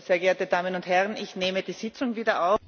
sehr geehrte damen und herren! ich nehme die sitzung wieder auf.